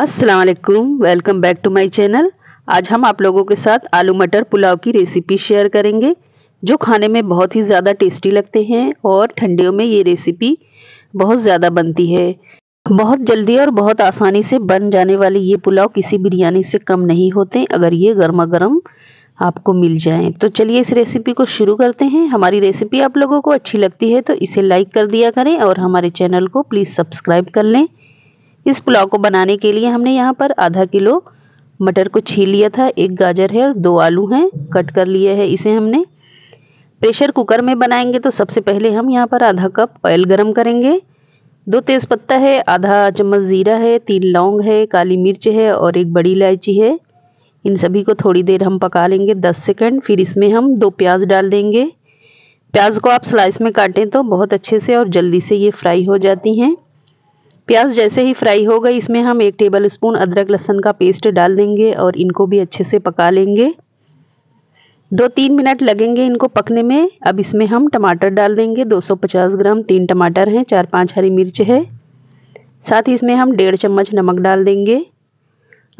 अस्सलाम वालेकुम welcome back to my channel आज हम आप लोगों के साथ आलू मटर पुलाव की रेसिपी शेयर करेंगे जो खाने में बहुत ही ज़्यादा टेस्टी लगते हैं और ठंडियों में ये रेसिपी बहुत ज़्यादा बनती है बहुत जल्दी और बहुत आसानी से बन जाने वाले ये पुलाव किसी बिरयानी से कम नहीं होते अगर ये गर्मा गर्म आपको मिल जाए तो चलिए इस रेसिपी को शुरू करते हैं हमारी रेसिपी आप लोगों को अच्छी लगती है तो इसे लाइक कर दिया करें और हमारे चैनल को प्लीज़ सब्सक्राइब कर लें इस पुलाव को बनाने के लिए हमने यहाँ पर आधा किलो मटर को छील लिया था एक गाजर है और दो आलू हैं कट कर लिए है इसे हमने प्रेशर कुकर में बनाएंगे तो सबसे पहले हम यहाँ पर आधा कप ऑयल गरम करेंगे दो तेज़पत्ता है आधा चम्मच ज़ीरा है तीन लौंग है काली मिर्च है और एक बड़ी इलायची है इन सभी को थोड़ी देर हम पका लेंगे दस सेकेंड फिर इसमें हम दो प्याज डाल देंगे प्याज को आप स्लाइस में काटें तो बहुत अच्छे से और जल्दी से ये फ्राई हो जाती हैं प्याज जैसे ही फ्राई होगा इसमें हम एक टेबल स्पून अदरक लहसुन का पेस्ट डाल देंगे और इनको भी अच्छे से पका लेंगे दो तीन मिनट लगेंगे इनको पकने में अब इसमें हम टमाटर डाल देंगे 250 ग्राम तीन टमाटर हैं चार पांच हरी मिर्च है साथ ही इसमें हम डेढ़ चम्मच नमक डाल देंगे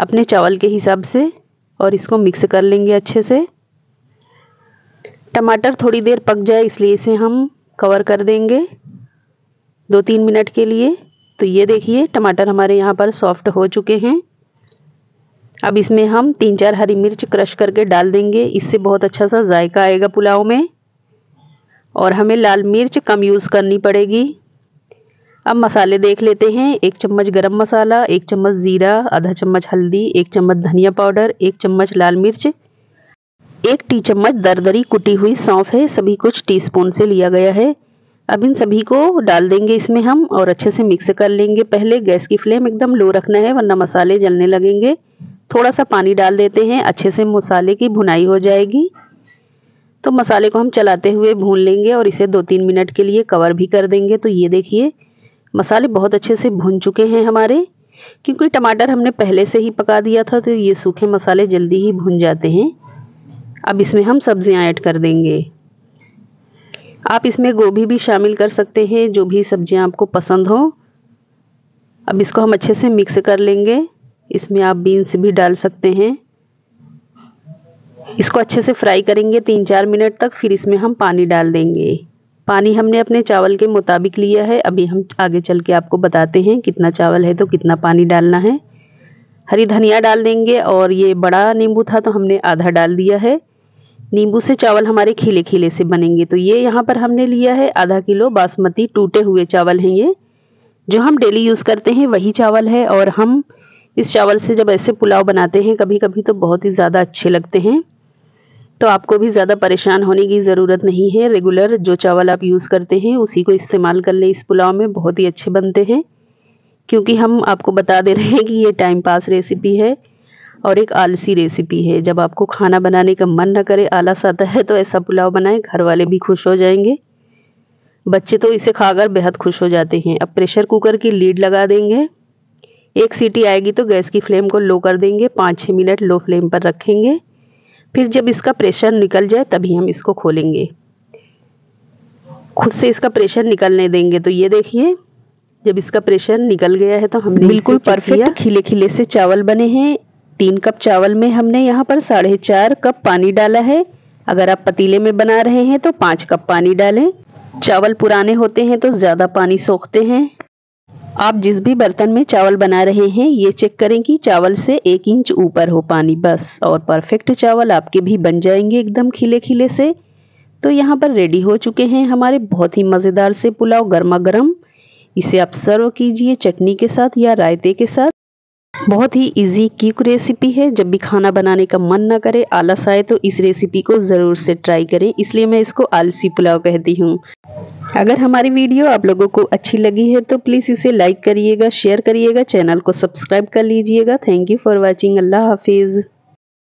अपने चावल के हिसाब से और इसको मिक्स कर लेंगे अच्छे से टमाटर थोड़ी देर पक जाए इसलिए इसे हम कवर कर देंगे दो तीन मिनट के लिए तो ये देखिए टमाटर हमारे यहाँ पर सॉफ्ट हो चुके हैं अब इसमें हम तीन चार हरी मिर्च क्रश करके डाल देंगे इससे बहुत अच्छा सा जायका आएगा पुलाव में और हमें लाल मिर्च कम यूज़ करनी पड़ेगी अब मसाले देख लेते हैं एक चम्मच गरम मसाला एक चम्मच ज़ीरा आधा चम्मच हल्दी एक चम्मच धनिया पाउडर एक चम्मच लाल मिर्च एक टी चम्मच दरदरी कुटी हुई सौंफ है सभी कुछ टीस्पून से लिया गया है अब इन सभी को डाल देंगे इसमें हम और अच्छे से मिक्स कर लेंगे पहले गैस की फ्लेम एकदम लो रखना है वरना मसाले जलने लगेंगे थोड़ा सा पानी डाल देते हैं अच्छे से मसाले की भुनाई हो जाएगी तो मसाले को हम चलाते हुए भून लेंगे और इसे दो तीन मिनट के लिए कवर भी कर देंगे तो ये देखिए मसाले बहुत अच्छे से भुन चुके हैं हमारे क्योंकि टमाटर हमने पहले से ही पका दिया था तो ये सूखे मसाले जल्दी ही भुन जाते हैं अब इसमें हम सब्जियां ऐड कर देंगे आप इसमें गोभी भी शामिल कर सकते हैं जो भी सब्जियां आपको पसंद हो अब इसको हम अच्छे से मिक्स कर लेंगे इसमें आप बीन्स भी डाल सकते हैं इसको अच्छे से फ्राई करेंगे तीन चार मिनट तक फिर इसमें हम पानी डाल देंगे पानी हमने अपने चावल के मुताबिक लिया है अभी हम आगे चल के आपको बताते हैं कितना चावल है तो कितना पानी डालना है हरी धनिया डाल देंगे और ये बड़ा नींबू था तो हमने आधा डाल दिया है नींबू से चावल हमारे खिले खिले से बनेंगे तो ये यहाँ पर हमने लिया है आधा किलो बासमती टूटे हुए चावल हैं ये जो हम डेली यूज़ करते हैं वही चावल है और हम इस चावल से जब ऐसे पुलाव बनाते हैं कभी कभी तो बहुत ही ज़्यादा अच्छे लगते हैं तो आपको भी ज़्यादा परेशान होने की ज़रूरत नहीं है रेगुलर जो चावल आप यूज़ करते हैं उसी को इस्तेमाल कर लें इस पुलाव में बहुत ही अच्छे बनते हैं क्योंकि हम आपको बता दे रहे हैं कि ये टाइम पास रेसिपी है और एक आलसी रेसिपी है जब आपको खाना बनाने का मन ना करे आलस आता है तो ऐसा पुलाव बनाएं घर वाले भी खुश हो जाएंगे बच्चे तो इसे खाकर बेहद खुश हो जाते हैं अब प्रेशर कुकर की लीड लगा देंगे एक सीटी आएगी तो गैस की फ्लेम को लो कर देंगे पाँच छः मिनट लो फ्लेम पर रखेंगे फिर जब इसका प्रेशर निकल जाए तभी हम इसको खोलेंगे खुद से इसका प्रेशर निकलने देंगे तो ये देखिए जब इसका प्रेशर निकल गया है तो हमने बिल्कुल परफेक्ट खिले खिले से चावल बने हैं तीन कप चावल में हमने यहाँ पर साढ़े चार कप पानी डाला है अगर आप पतीले में बना रहे हैं तो पाँच कप पानी डालें चावल पुराने होते हैं तो ज़्यादा पानी सोखते हैं आप जिस भी बर्तन में चावल बना रहे हैं ये चेक करें कि चावल से एक इंच ऊपर हो पानी बस और परफेक्ट चावल आपके भी बन जाएंगे एकदम खिले खिले से तो यहाँ पर रेडी हो चुके हैं हमारे बहुत ही मज़ेदार से पुलाव गर्मा गर्म इसे आप सर्व कीजिए चटनी के साथ या रायते के साथ बहुत ही इजी क्यूक रेसिपी है जब भी खाना बनाने का मन ना करे आलस आए तो इस रेसिपी को ज़रूर से ट्राई करें इसलिए मैं इसको आलसी पुलाव कहती हूँ अगर हमारी वीडियो आप लोगों को अच्छी लगी है तो प्लीज़ इसे लाइक करिएगा शेयर करिएगा चैनल को सब्सक्राइब कर लीजिएगा थैंक यू फॉर वॉचिंग अल्लाह हाफिज़